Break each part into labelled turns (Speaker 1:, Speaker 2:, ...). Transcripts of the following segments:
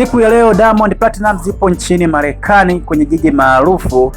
Speaker 1: Siku ya leo Diamond Platnumz zipo nchini Marekani kwenye jiji maarufu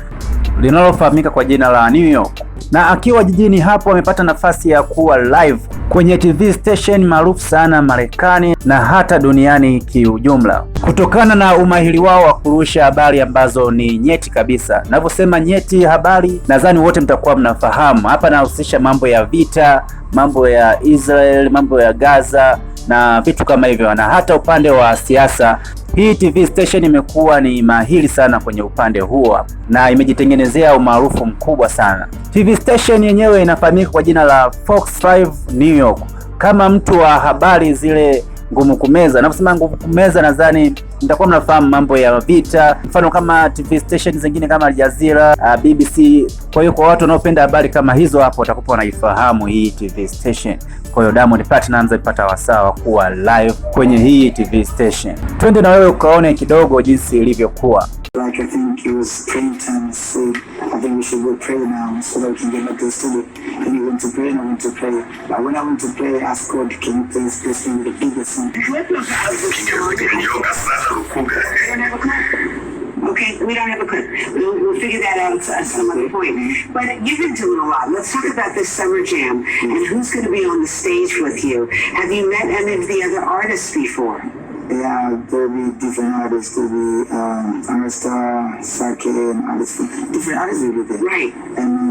Speaker 1: linalofahamika kwa jina la New York, na akiwa jijini hapo amepata nafasi ya kuwa live kwenye TV station maarufu sana Marekani na hata duniani kiujumla, kutokana na umahiri wao wa kurusha habari ambazo ni nyeti kabisa. Navyosema nyeti habari, nadhani wote mtakuwa mnafahamu. Hapa nahusisha mambo ya vita, mambo ya Israel, mambo ya Gaza na vitu kama hivyo, na hata upande wa siasa hii TV station imekuwa ni mahiri sana kwenye upande huo na imejitengenezea umaarufu mkubwa sana. TV station yenyewe inafahamika kwa jina la Fox 5 New York, kama mtu wa habari zile ngumu kumeza. navyosema ngumu kumeza, nadhani mtakuwa mnafahamu mambo ya vita, mfano kama TV station zingine kama Al Jazeera, ah, BBC. Kwa hiyo kwa watu wanaopenda habari kama hizo, hapo watakupa wanaifahamu hii TV station. Kwa hiyo Diamond Platnumz alipata wasaa wa kuwa live kwenye hii TV station. Twende na wewe ukaone kidogo jinsi ilivyokuwa.
Speaker 2: Like, I think it was pre time. so I think we should go pray now so that we can get back to the And he went to pray and I went to pray. But when I went to pray, I asked God, can you please bless me with a bigger
Speaker 3: Okay, we don't have a clip. We'll, we'll figure that out at some other point. But you've been doing a lot. Let's talk about this summer jam and who's going to be on the stage with you. Have you met any of the other artists before?
Speaker 2: yeah, there will be different artists. There will be um, Arista, Sake, and artists. Different artists will be there.
Speaker 3: Right. And